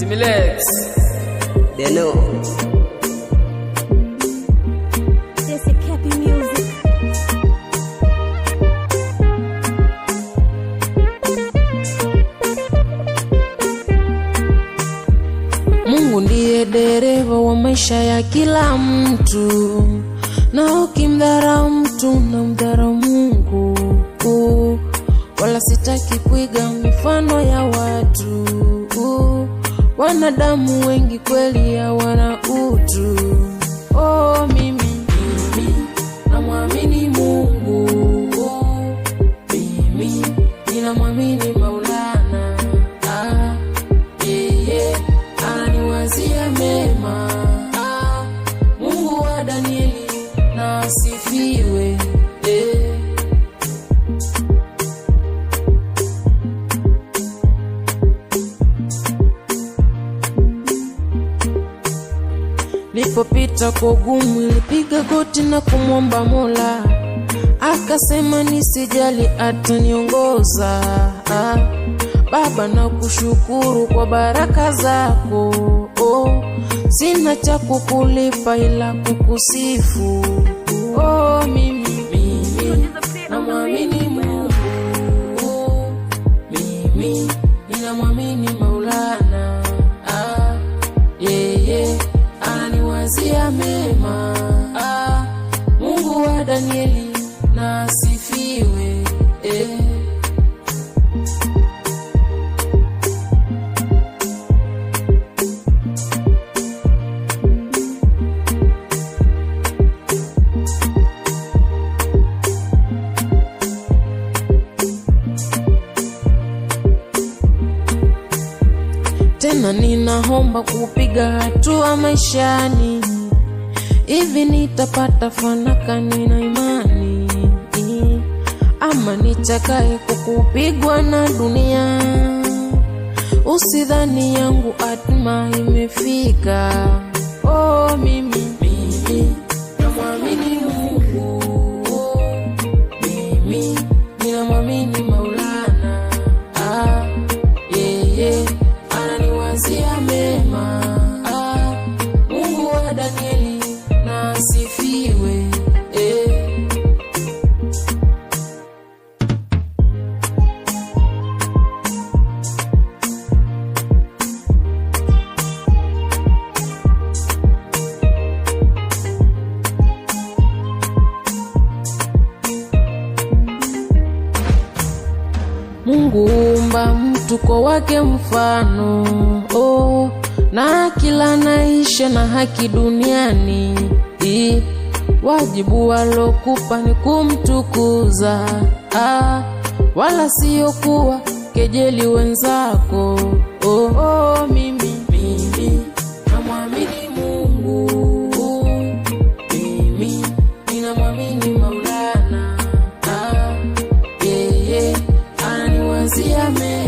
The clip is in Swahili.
Timilex Deno Mungu ndiye dereva wa maisha ya kila mtu, na ukimdharau mtu na mdhara Mungu. Wala sitaki kuiga mifano ya watu. Wanadamu wengi kweli hawana utu. Oh, mimi, mimi namwamini Mungu, oh, mimi ninamwamini Maulana. Ah, yeye ananiwazia mema. Ah, Mungu wa Danieli na Nilipopita kwa ugumu, nilipiga goti na kumwomba Mola, akasema nisijali, ataniongoza Baba na kushukuru kwa baraka zako oh. Sina cha kukulipa ila kukusifu oh. mema. Ah, Mungu wa Danieli na asifiwe, eh. Tena ninahomba kupiga hatua maishani hivi nitapata fanaka, nina imani ama nichakae kukupigwa na dunia. Usidhani yangu hatima imefika. Oh, mimi mimi ah, yeah. umba mtu kwa wake mfano oh, na kila naisha na haki duniani I, wajibu walokupa ni kumtukuza ah, wala siyo kuwa kejeli wenzako oh, oh, usiame